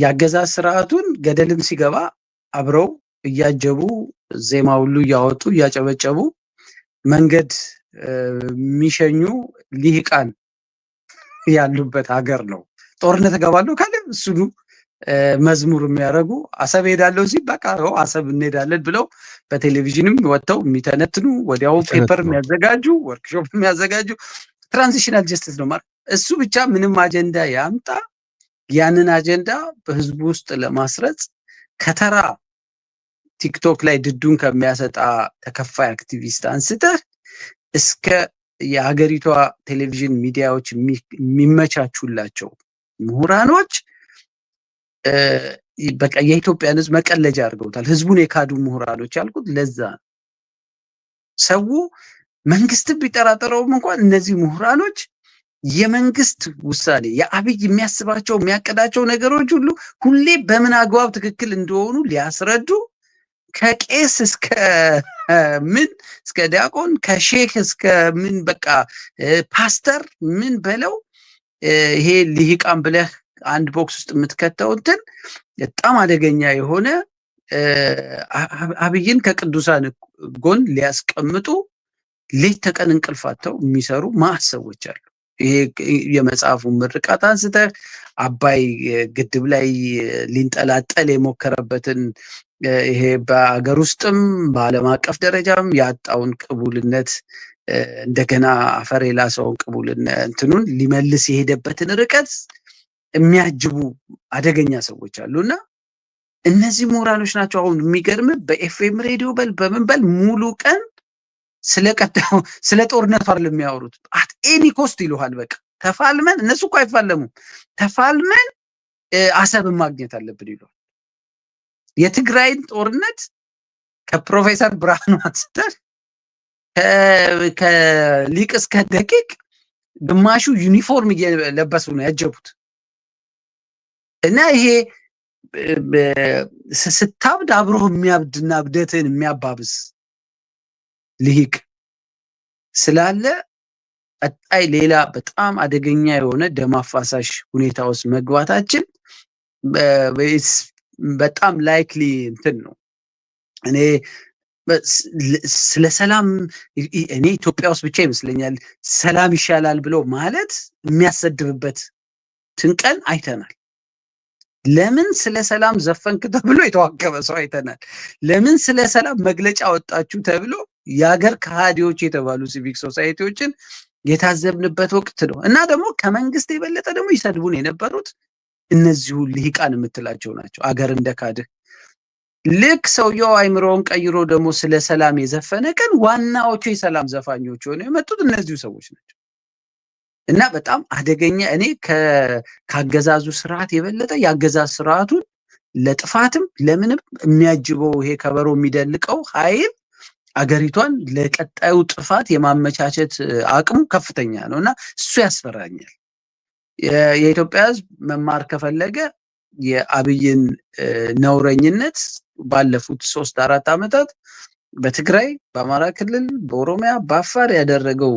የአገዛዝ ስርዓቱን ገደልም ሲገባ አብረው እያጀቡ ዜማ ሁሉ እያወጡ እያጨበጨቡ መንገድ የሚሸኙ ሊህቃን ያሉበት ሀገር ነው። ጦርነት እገባለሁ ካለ እሱኑ መዝሙር የሚያደርጉ አሰብ ሄዳለው ሲል በቃ አሰብ እንሄዳለን ብለው በቴሌቪዥንም ወጥተው የሚተነትኑ ወዲያው ፔፐር የሚያዘጋጁ ወርክሾፕ የሚያዘጋጁ ትራንዚሽናል ጀስቲስ ነው ማለት እሱ ብቻ ምንም አጀንዳ ያምጣ ያንን አጀንዳ በህዝቡ ውስጥ ለማስረጽ ከተራ ቲክቶክ ላይ ድዱን ከሚያሰጣ ተከፋይ አክቲቪስት አንስተህ እስከ የሀገሪቷ ቴሌቪዥን ሚዲያዎች የሚመቻቹላቸው ምሁራኖች በቃ የኢትዮጵያን ህዝብ መቀለጃ አድርገውታል። ህዝቡን የካዱ ምሁራኖች ያልኩት ለዛ ነው። ሰው መንግስትን ቢጠራጠረውም እንኳን እነዚህ ምሁራኖች የመንግስት ውሳኔ የአብይ የሚያስባቸው የሚያቀዳቸው ነገሮች ሁሉ ሁሌ በምን አግባብ ትክክል እንደሆኑ ሊያስረዱ ከቄስ እስከ ምን እስከ ዲያቆን ከሼክ እስከ ምን በቃ ፓስተር ምን በለው ይሄ ልሂቃን ብለህ አንድ ቦክስ ውስጥ የምትከተው እንትን በጣም አደገኛ የሆነ አብይን ከቅዱሳን ጎን ሊያስቀምጡ ሌት ተቀን እንቅልፋተው የሚሰሩ ማዕት ሰዎች አሉ። ይሄ የመጽሐፉን ምርቃት አንስተህ አባይ ግድብ ላይ ሊንጠላጠል የሞከረበትን ይሄ በአገር ውስጥም በዓለም አቀፍ ደረጃም ያጣውን ቅቡልነት እንደገና አፈር የላሰውን ቅቡልነት እንትኑን ሊመልስ የሄደበትን ርቀት የሚያጅቡ አደገኛ ሰዎች አሉና እነዚህ ምሁራኖች ናቸው። አሁን የሚገርም በኤፍኤም ሬዲዮ በል በምን በል ሙሉ ቀን ስለ ጦርነቱ አይደለም የሚያወሩት፣ ኤኒ ኮስት ይሉሃል። በቃ ተፋልመን እነሱ እኮ አይፋለሙም። ተፋልመን አሰብን ማግኘት አለብን ይሏል። የትግራይን ጦርነት ከፕሮፌሰር ብርሃኑ አንስተር ከሊቅ እስከ ደቂቅ ግማሹ ዩኒፎርም እየለበሱ ነው ያጀቡት። እና ይሄ ስታብድ አብሮህ የሚያብድና እብደትህን የሚያባብስ ልሂቅ ስላለ ቀጣይ ሌላ በጣም አደገኛ የሆነ ደም አፋሳሽ ሁኔታ ውስጥ መግባታችን በጣም ላይክሊ እንትን ነው። እኔ ስለ ሰላም እኔ ኢትዮጵያ ውስጥ ብቻ ይመስለኛል ሰላም ይሻላል ብሎ ማለት የሚያሰድብበት ትንቀን አይተናል። ለምን ስለ ሰላም ዘፈንክ ተብሎ የተዋከበ ሰው አይተናል። ለምን ስለ ሰላም መግለጫ ወጣችሁ ተብሎ የሀገር ከሃዲዎች የተባሉ ሲቪክ ሶሳይቲዎችን የታዘብንበት ወቅት ነው እና ደግሞ ከመንግስት የበለጠ ደግሞ ይሰድቡን የነበሩት እነዚሁ ልሂቃን የምትላቸው ናቸው። አገር እንደካድህ ልክ ሰውየው አይምሮውን ቀይሮ ደግሞ ስለ ሰላም የዘፈነ ቀን ዋናዎቹ የሰላም ዘፋኞች ሆነ የመጡት እነዚሁ ሰዎች ናቸው እና በጣም አደገኛ እኔ ከአገዛዙ ስርዓት የበለጠ የአገዛዝ ስርዓቱን ለጥፋትም ለምንም የሚያጅበው ይሄ ከበሮ የሚደልቀው ሀይል አገሪቷን ለቀጣዩ ጥፋት የማመቻቸት አቅሙ ከፍተኛ ነው እና እሱ ያስፈራኛል። የኢትዮጵያ ሕዝብ መማር ከፈለገ የአብይን ነውረኝነት ባለፉት ሶስት አራት ዓመታት በትግራይ፣ በአማራ ክልል፣ በኦሮሚያ፣ በአፋር ያደረገው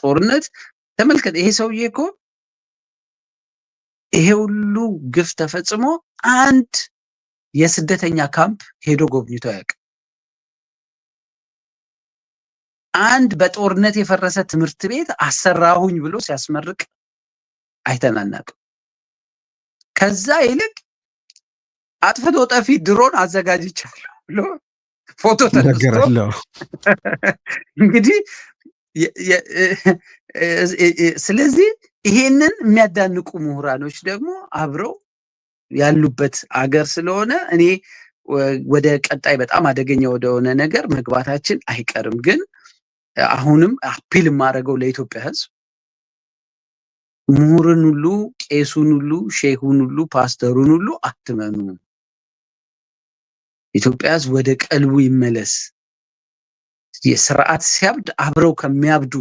ጦርነት ተመልከት። ይሄ ሰውዬ እኮ ይሄ ሁሉ ግፍ ተፈጽሞ አንድ የስደተኛ ካምፕ ሄዶ ጎብኝቶ አያውቅም። አንድ በጦርነት የፈረሰ ትምህርት ቤት አሰራሁኝ ብሎ ሲያስመርቅ አይተናናቅ ከዛ ይልቅ አጥፍቶ ጠፊ ድሮን አዘጋጅቻለሁ ብሎ ፎቶ ተነስቶ እንግዲህ ስለዚህ ይሄንን የሚያዳንቁ ምሁራኖች ደግሞ አብረው ያሉበት አገር ስለሆነ እኔ ወደ ቀጣይ በጣም አደገኛ ወደሆነ ነገር መግባታችን አይቀርም ግን አሁንም አፒል የማደርገው ለኢትዮጵያ ህዝብ ምሁርን ሁሉ ቄሱን ሁሉ ሼሁን ሁሉ ፓስተሩን ሁሉ አትመኑ። ኢትዮጵያ ህዝብ ወደ ቀልቡ ይመለስ። የስርዓት ሲያብድ አብረው ከሚያብዱ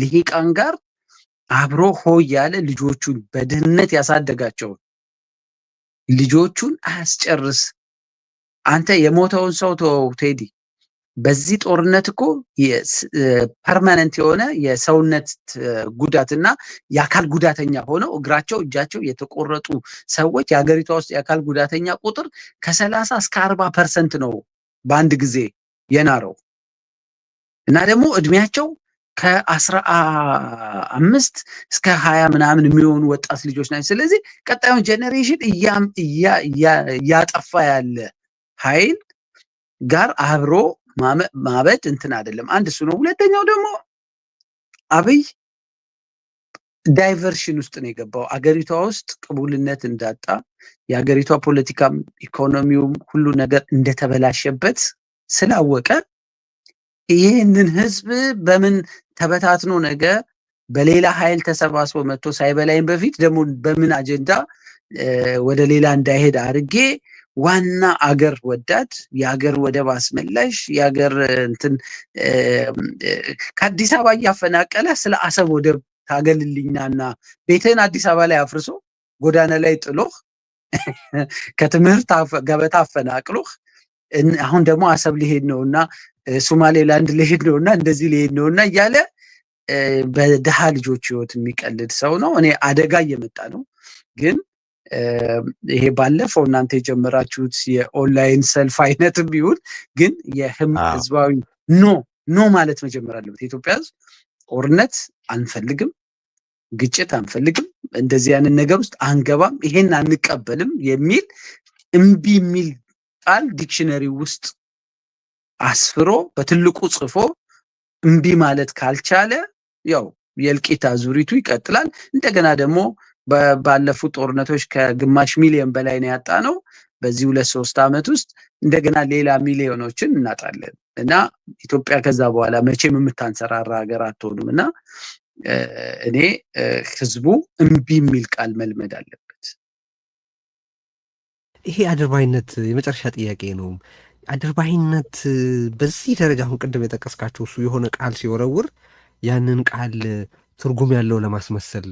ልሂቃን ጋር አብሮ ሆ ያለ ልጆቹን በድህነት ያሳደጋቸውን ልጆቹን አያስጨርስ። አንተ የሞተውን ሰው ተወው ቴዲ በዚህ ጦርነት እኮ ፐርማነንት የሆነ የሰውነት ጉዳት እና የአካል ጉዳተኛ ሆነው እግራቸው እጃቸው የተቆረጡ ሰዎች የሀገሪቷ ውስጥ የአካል ጉዳተኛ ቁጥር ከሰላሳ እስከ አርባ ፐርሰንት ነው በአንድ ጊዜ የናረው እና ደግሞ እድሜያቸው ከአስራ አምስት እስከ ሀያ ምናምን የሚሆኑ ወጣት ልጆች ናቸው። ስለዚህ ቀጣዩን ጄኔሬሽን እያጠፋ ያለ ኃይል ጋር አብሮ ማበድ እንትን አይደለም። አንድ እሱ ነው። ሁለተኛው ደግሞ አብይ ዳይቨርሽን ውስጥ ነው የገባው። አገሪቷ ውስጥ ቅቡልነት እንዳጣ የአገሪቷ ፖለቲካም ኢኮኖሚውም ሁሉ ነገር እንደተበላሸበት ስላወቀ ይህንን ህዝብ በምን ተበታትኖ ነገ በሌላ ኃይል ተሰባስቦ መጥቶ ሳይበላይም በፊት ደግሞ በምን አጀንዳ ወደ ሌላ እንዳይሄድ አድርጌ ዋና አገር ወዳድ የአገር ወደብ አስመላሽ የአገር እንትን ከአዲስ አበባ እያፈናቀለ ስለ አሰብ ወደብ ታገልልኛና ቤትህን አዲስ አበባ ላይ አፍርሶ ጎዳና ላይ ጥሎህ ከትምህርት ገበታ አፈናቅሎህ አሁን ደግሞ አሰብ ሊሄድ ነውና ሶማሌላንድ ሊሄድ ነውና እንደዚህ ሊሄድ ነውና እያለ በድሃ ልጆች ህይወት የሚቀልድ ሰው ነው። እኔ አደጋ እየመጣ ነው ግን ይሄ ባለፈው እናንተ የጀመራችሁት የኦንላይን ሰልፍ አይነትም ቢሆን ግን የህም ህዝባዊ ኖ ኖ ማለት መጀመር አለበት። የኢትዮጵያ ህዝብ ጦርነት አንፈልግም፣ ግጭት አንፈልግም፣ እንደዚህ ያንን ነገር ውስጥ አንገባም፣ ይሄን አንቀበልም የሚል እምቢ የሚል ቃል ዲክሽነሪ ውስጥ አስፍሮ በትልቁ ጽፎ እምቢ ማለት ካልቻለ ያው የልቂታ አዙሪቱ ይቀጥላል። እንደገና ደግሞ ባለፉት ጦርነቶች ከግማሽ ሚሊዮን በላይ ነው ያጣ ነው። በዚህ ሁለት ሶስት ዓመት ውስጥ እንደገና ሌላ ሚሊዮኖችን እናጣለን እና ኢትዮጵያ ከዛ በኋላ መቼም የምታንሰራራ ሀገር አትሆኑም እና እኔ ህዝቡ እምቢ የሚል ቃል መልመድ አለበት። ይሄ አድርባይነት የመጨረሻ ጥያቄ ነው። አድርባይነት በዚህ ደረጃ አሁን ቅድም የጠቀስካቸው እሱ የሆነ ቃል ሲወረውር ያንን ቃል ትርጉም ያለው ለማስመሰል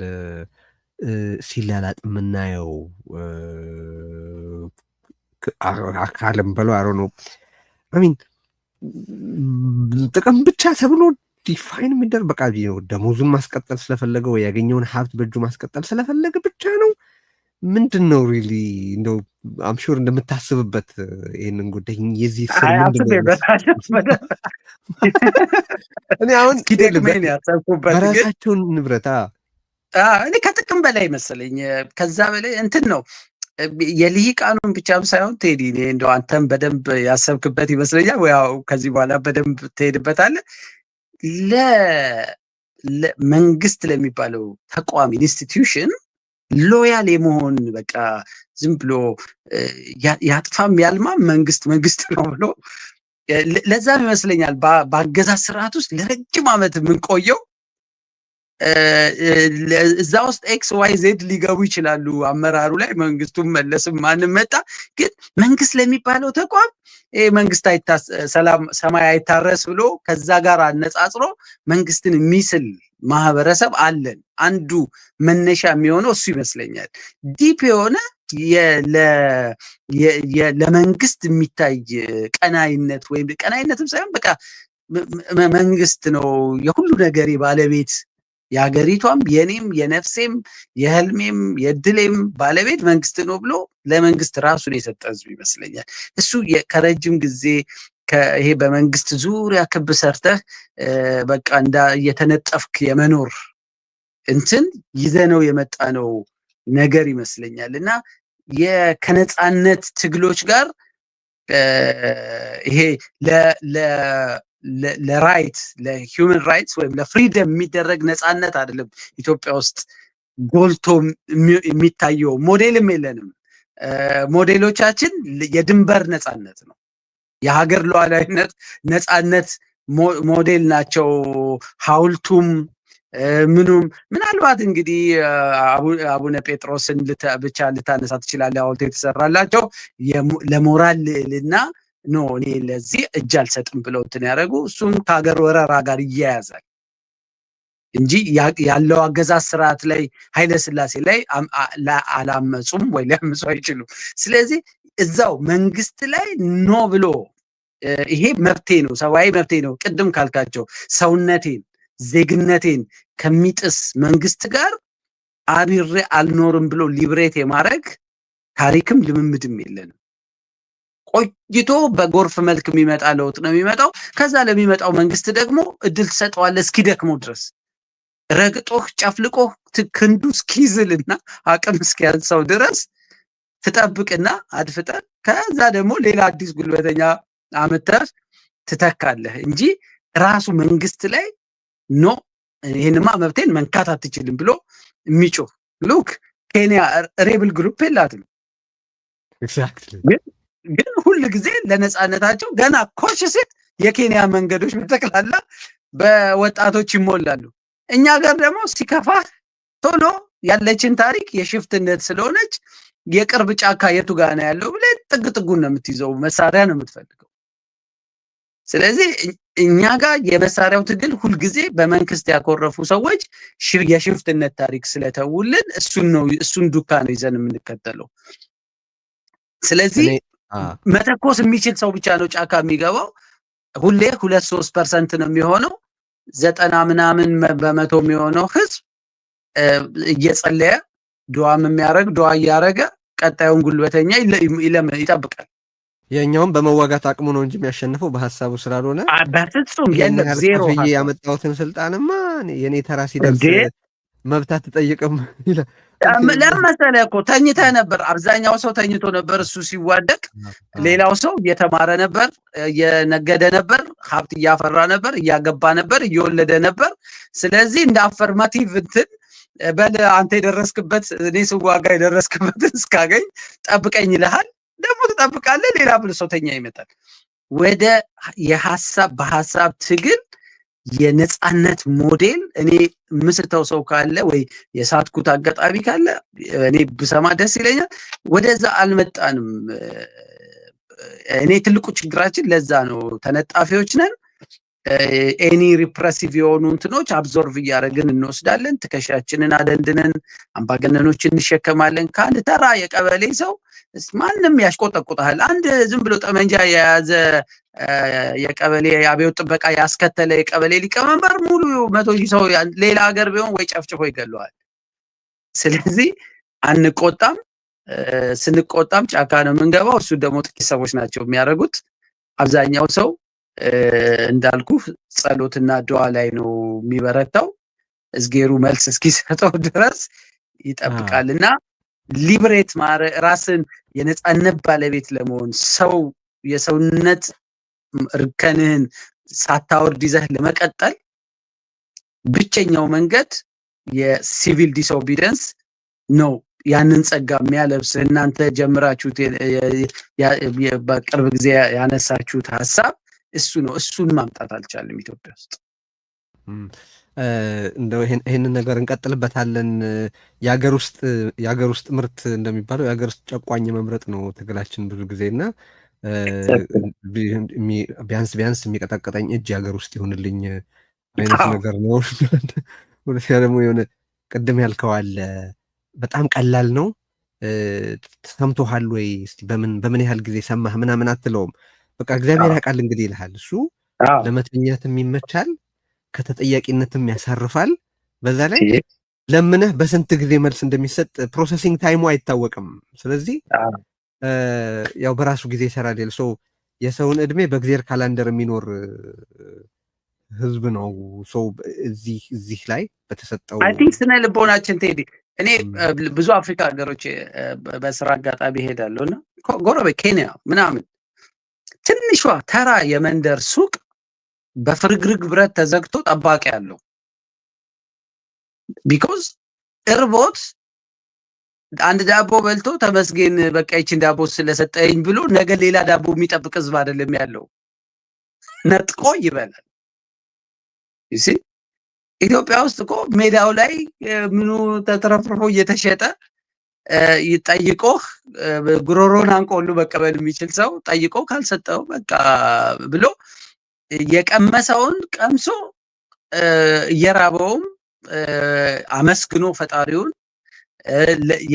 ሲላላጥ የምናየው አካልም በለው አሮ ነው አሚን ጥቅም ብቻ ተብሎ ዲፋይን የሚደር በቃ ደሞዙን ማስቀጠል ስለፈለገ ወይ ያገኘውን ሀብት በእጁ ማስቀጠል ስለፈለገ ብቻ ነው። ምንድን ነው ሪሊ እንደው አምሹር እንደምታስብበት ይህንን ጉዳይ የዚህ ስር ምንድነው? ንብረታ እኔ ከጥቅም በላይ መሰለኝ ከዛ በላይ እንትን ነው የልሂቃኑን ብቻም ሳይሆን ቴዲ እንደ አንተም በደንብ ያሰብክበት ይመስለኛል። ያው ከዚህ በኋላ በደንብ ትሄድበታለ ለመንግስት ለሚባለው ተቋም ኢንስቲትዩሽን ሎያል የመሆን በቃ ዝም ብሎ ያጥፋም ያልማ መንግስት መንግስት ነው ብሎ ለዛም ይመስለኛል በአገዛዝ ስርዓት ውስጥ ለረጅም ዓመት የምንቆየው እዛ ውስጥ ኤክስ ዋይ ዜድ ሊገቡ ይችላሉ። አመራሩ ላይ መንግስቱ መለስም ማንም መጣ፣ ግን መንግስት ለሚባለው ተቋም መንግስት ሰማይ አይታረስ ብሎ ከዛ ጋር አነጻጽሮ መንግስትን የሚስል ማህበረሰብ አለን። አንዱ መነሻ የሚሆነው እሱ ይመስለኛል። ዲፕ የሆነ ለመንግስት የሚታይ ቀናይነት ወይም ቀናይነትም ሳይሆን በቃ መንግስት ነው የሁሉ ነገር ባለቤት የሀገሪቷም የኔም የነፍሴም የህልሜም የድሌም ባለቤት መንግስት ነው ብሎ ለመንግስት ራሱን የሰጠ ህዝብ ይመስለኛል። እሱ ከረጅም ጊዜ ይሄ በመንግስት ዙሪያ ክብ ሰርተህ በቃ እንዳ እየተነጠፍክ የመኖር እንትን ይዘነው የመጣ ነው ነገር ይመስለኛል እና ከነፃነት ትግሎች ጋር ይሄ ለራይት ለሂውመን ራይትስ ወይም ለፍሪደም የሚደረግ ነፃነት አይደለም ኢትዮጵያ ውስጥ ጎልቶ የሚታየው ሞዴልም የለንም። ሞዴሎቻችን የድንበር ነፃነት ነው፣ የሀገር ሉዓላዊነት ነፃነት ሞዴል ናቸው። ሀውልቱም ምኑም ምናልባት እንግዲህ አቡነ ጴጥሮስን ብቻ ልታነሳ ትችላለ ሐውልት የተሰራላቸው ለሞራል ልዕልና ኖ እኔ ለዚህ እጅ አልሰጥም ብለው እንትን ያደረጉ እሱም ከሀገር ወረራ ጋር እያያዛል እንጂ ያለው አገዛዝ ስርዓት ላይ ኃይለስላሴ ላይ አላመፁም ወይ ሊያምፁ አይችሉም። ስለዚህ እዛው መንግስት ላይ ኖ ብሎ ይሄ መብቴ ነው፣ ሰብአዊ መብቴ ነው። ቅድም ካልካቸው ሰውነቴን፣ ዜግነቴን ከሚጥስ መንግስት ጋር አብሬ አልኖርም ብሎ ሊብሬት የማድረግ ታሪክም ልምምድም የለንም። ቆይቶ በጎርፍ መልክ የሚመጣ ለውጥ ነው የሚመጣው። ከዛ ለሚመጣው መንግስት ደግሞ እድል ትሰጠዋለህ እስኪደክመው ድረስ ረግጦህ ጨፍልቆህ ክንዱ እስኪዝልና አቅም እስኪያንሰው ድረስ ትጠብቅና አድፍጠን ከዛ ደግሞ ሌላ አዲስ ጉልበተኛ አመተህ ትተካለህ እንጂ ራሱ መንግስት ላይ ኖ ይህንማ መብቴን መንካት አትችልም ብሎ የሚጮህ ሉክ ኬንያ ሬብል ግሩፕ የላትም። ግን ሁል ጊዜ ለነፃነታቸው ገና ኮሽ ሲል የኬንያ መንገዶች በጠቅላላ በወጣቶች ይሞላሉ። እኛ ጋር ደግሞ ሲከፋህ ቶሎ ያለችን ታሪክ የሽፍትነት ስለሆነች የቅርብ ጫካ የቱ ጋር ነው ያለው ብለህ ጥግ ጥጉን ነው የምትይዘው፣ መሳሪያ ነው የምትፈልገው። ስለዚህ እኛ ጋር የመሳሪያው ትግል ሁልጊዜ በመንግስት ያኮረፉ ሰዎች የሽፍትነት ታሪክ ስለተውልን እሱን ነው እሱን ዱካ ነው ይዘን የምንከተለው። ስለዚህ መተኮስ የሚችል ሰው ብቻ ነው ጫካ የሚገባው። ሁሌ ሁለት ሶስት ፐርሰንት ነው የሚሆነው። ዘጠና ምናምን በመቶ የሚሆነው ህዝብ እየጸለየ ድዋም የሚያደረግ ድዋ እያደረገ ቀጣዩን ጉልበተኛ ይጠብቃል። የእኛውም በመዋጋት አቅሙ ነው እንጂ የሚያሸንፈው በሀሳቡ ስላልሆነ በፍጹም የለም። ያመጣሁትን ስልጣንማ የኔ ተራ ሲደርስ መብት አትጠይቅም ይላል። ለምን መሰለህ እኮ ነበር። አብዛኛው ሰው ተኝቶ ነበር። እሱ ሲዋደቅ ሌላው ሰው እየተማረ ነበር፣ እየነገደ ነበር፣ ሀብት እያፈራ ነበር፣ እያገባ ነበር፣ እየወለደ ነበር። ስለዚህ እንደ አፈርማቲቭ እንትን በል አንተ የደረስክበት እኔ ስዋጋ የደረስክበት እስካገኝ ጠብቀኝ ይልሃል። ደግሞ ትጠብቃለህ። ሌላ ብሎ ሰው ተኛ ይመጣል። ወደ የሀሳብ በሀሳብ ትግል የነፃነት ሞዴል እኔ ምስተው ሰው ካለ ወይ የሳትኩት አጋጣሚ ካለ እኔ ብሰማ ደስ ይለኛል። ወደዛ አልመጣንም። እኔ ትልቁ ችግራችን ለዛ ነው። ተነጣፊዎች ነን። ኤኒ eh, ሪፕረሲቭ የሆኑ እንትኖች አብዞርቭ እያደረግን እንወስዳለን። ትከሻችንን አደንድነን አምባገነኖች እንሸከማለን። ከአንድ ተራ የቀበሌ ሰው ማንም ያሽቆጠቁጠሃል። አንድ ዝም ብሎ ጠመንጃ የያዘ eh, የቀበሌ አብዮት ጥበቃ ያስከተለ የቀበሌ ሊቀመንበር ሙሉ መቶ ሺህ ሰው ሌላ ሀገር ቢሆን ወይ ጨፍጭፎ ይገለዋል። ስለዚህ አንቆጣም። eh, ስንቆጣም ጫካ ነው የምንገባው። እሱ ደግሞ ጥቂት ሰዎች ናቸው የሚያደርጉት። አብዛኛው ሰው እንዳልኩ ጸሎትና ድዋ ላይ ነው የሚበረታው። እዝጌሩ መልስ እስኪሰጠው ድረስ ይጠብቃል እና ሊብሬት ማረ- ራስን የነፃነት ባለቤት ለመሆን ሰው የሰውነት እርከንህን ሳታወርድ ይዘህ ለመቀጠል ብቸኛው መንገድ የሲቪል ዲስኦቢደንስ ነው። ያንን ጸጋ የሚያለብስ እናንተ ጀምራችሁት በቅርብ ጊዜ ያነሳችሁት ሀሳብ እሱ ነው። እሱን ማምጣት አልቻለም ኢትዮጵያ ውስጥ። እንደው ይሄንን ነገር እንቀጥልበታለን። የሀገር ውስጥ የሀገር ውስጥ ምርት እንደሚባለው የሀገር ውስጥ ጨቋኝ መምረጥ ነው ትግላችን ብዙ ጊዜ እና ቢያንስ ቢያንስ የሚቀጠቀጠኝ እጅ የሀገር ውስጥ ይሆንልኝ አይነት ነገር ነው። ሁለተኛ ደግሞ የሆነ ቅድም ያልከዋል በጣም ቀላል ነው። ሰምቶሃል ወይ? በምን በምን ያህል ጊዜ ሰማህ ምናምን አትለውም በቃ እግዚአብሔር ያውቃል እንግዲህ ይልሃል። እሱ ለመተኛትም ይመቻል፣ ከተጠያቂነትም ያሳርፋል። በዛ ላይ ለምነህ በስንት ጊዜ መልስ እንደሚሰጥ ፕሮሰሲንግ ታይሙ አይታወቅም። ስለዚህ ያው በራሱ ጊዜ ይሰራል። ሰው የሰውን እድሜ በእግዜር ካላንደር የሚኖር ህዝብ ነው። ሰው እዚህ እዚህ ላይ በተሰጠው ቲንክ ስነ ልቦናችን ቴዲ እኔ ብዙ አፍሪካ ሀገሮች በስራ አጋጣሚ ይሄዳለሁ እና ጎረቤ ኬንያ ምናምን ትንሿ ተራ የመንደር ሱቅ በፍርግርግ ብረት ተዘግቶ ጠባቂ አለው። ቢኮዝ እርቦት አንድ ዳቦ በልቶ ተመስገን በቃ ይችን ዳቦ ስለሰጠኝ ብሎ ነገ ሌላ ዳቦ የሚጠብቅ ህዝብ አይደለም ያለው። ነጥቆ ይበላል። ኢትዮጵያ ውስጥ እኮ ሜዳው ላይ ምኑ ተትረፍርፎ እየተሸጠ ጠይቆ ጉሮሮን አንቆ ሁሉ መቀበል የሚችል ሰው ጠይቆ ካልሰጠው በቃ ብሎ የቀመሰውን ቀምሶ እየራበውም አመስግኖ ፈጣሪውን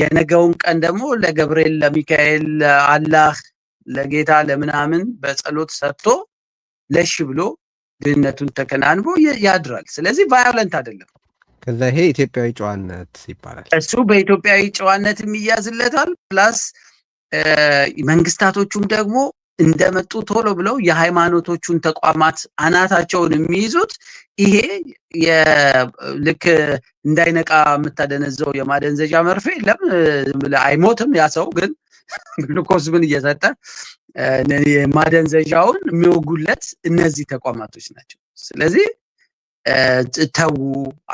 የነገውን ቀን ደግሞ ለገብርኤል፣ ለሚካኤል፣ ለአላህ፣ ለጌታ ለምናምን በጸሎት ሰጥቶ ለሽ ብሎ ድህነቱን ተከናንቦ ያድራል። ስለዚህ ቫዮለንት አይደለም። ከዛ ይሄ ኢትዮጵያዊ ጨዋነት ይባላል። እሱ በኢትዮጵያዊ ጨዋነት የሚያዝለታል። ፕላስ መንግስታቶቹም ደግሞ እንደመጡ ቶሎ ብለው የሃይማኖቶቹን ተቋማት አናታቸውን የሚይዙት ይሄ ልክ እንዳይነቃ የምታደነዘው የማደንዘዣ መርፌ የለም። አይሞትም ያ ሰው ግን ግሉኮስ ምን እየሰጠ ማደንዘዣውን የሚወጉለት እነዚህ ተቋማቶች ናቸው። ስለዚህ ተዉ፣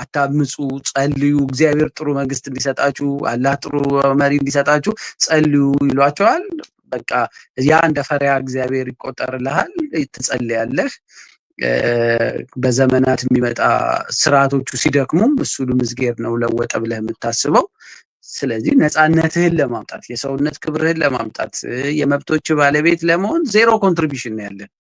አታምፁ፣ ጸልዩ፣ እግዚአብሔር ጥሩ መንግስት እንዲሰጣችሁ አላህ ጥሩ መሪ እንዲሰጣችሁ ጸልዩ ይሏቸዋል። በቃ ያ እንደ ፈሪያ እግዚአብሔር ይቆጠርልሃል፣ ትጸልያለህ። በዘመናት የሚመጣ ስርዓቶቹ ሲደክሙም እሱ ምዝጌር ነው ለወጠ ብለህ የምታስበው ስለዚህ ነፃነትህን ለማምጣት የሰውነት ክብርህን ለማምጣት የመብቶች ባለቤት ለመሆን ዜሮ ኮንትሪቢሽን ያለን